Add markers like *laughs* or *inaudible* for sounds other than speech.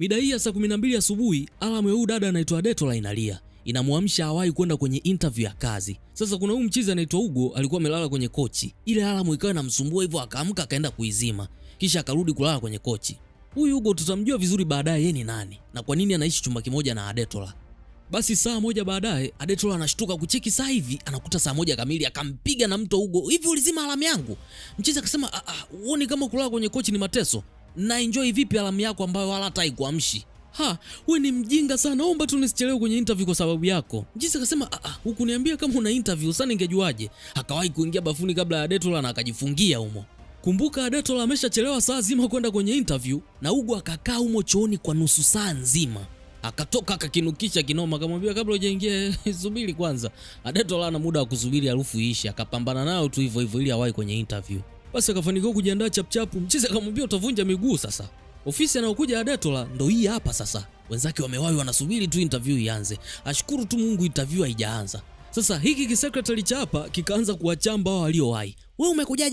Midai ya saa mbili asubuhi, alamu ya huyu dada anaitwa Detola inalia inamwamsha hawai kwenda kwenye interview ya kazi. Sasa kuna huyu mchizi anaitwa Hugo alikuwa amelala kwenye kochi, ile alamu ikawa inamsumbua hivyo, akaamka akaenda kuizima, kisha akarudi kulala kwenye kochi. Huyu Hugo tutamjua vizuri baadaye yeye ni nani na kwa nini anaishi chumba kimoja na Adetola. Basi saa moja baadaye Adetola anashtuka kucheki saa hivi, anakuta saa moja kamili, akampiga na mto Hugo, hivi ulizima alamu yangu? Mchizi akasema, ah, ah, uone kama kulala kwenye kochi ni mateso na enjoy vipi alamu yako ambayo wala hata haikuamshi? Ha, we ni mjinga sana. Omba tu nisichelewe kwenye interview kwa sababu yako. Jinsi akasema, ah ah, hukuniambia kama una interview, sasa ningejuaje? Akawahi kuingia bafuni kabla ya Detola na akajifungia humo. Kumbuka detola ameshachelewa saa zima kwenda kwenye interview na Ugo akakaa humo chooni kwa nusu saa nzima. Akatoka akakinukisha kinoma, akamwambia kabla hujaingia *laughs* subiri kwanza. Adetola ana muda wa kusubiri harufu iishe, akapambana nayo tu hivyo hivyo ili awahi kwenye interview. Basi akafanikiwa kujiandaa chapchapu. Mchizi akamwambia utavunja miguu sasa. Ofisi anayokuja Adetola ndo hii hapa sasa. Wenzake wamewahi wanasubiri tu interview ianze. Ashukuru tu Mungu interview haijaanza. Sasa hiki kisekretari cha hapa kikaanza kuwachamba wao waliowahi. Wewe umekujaje?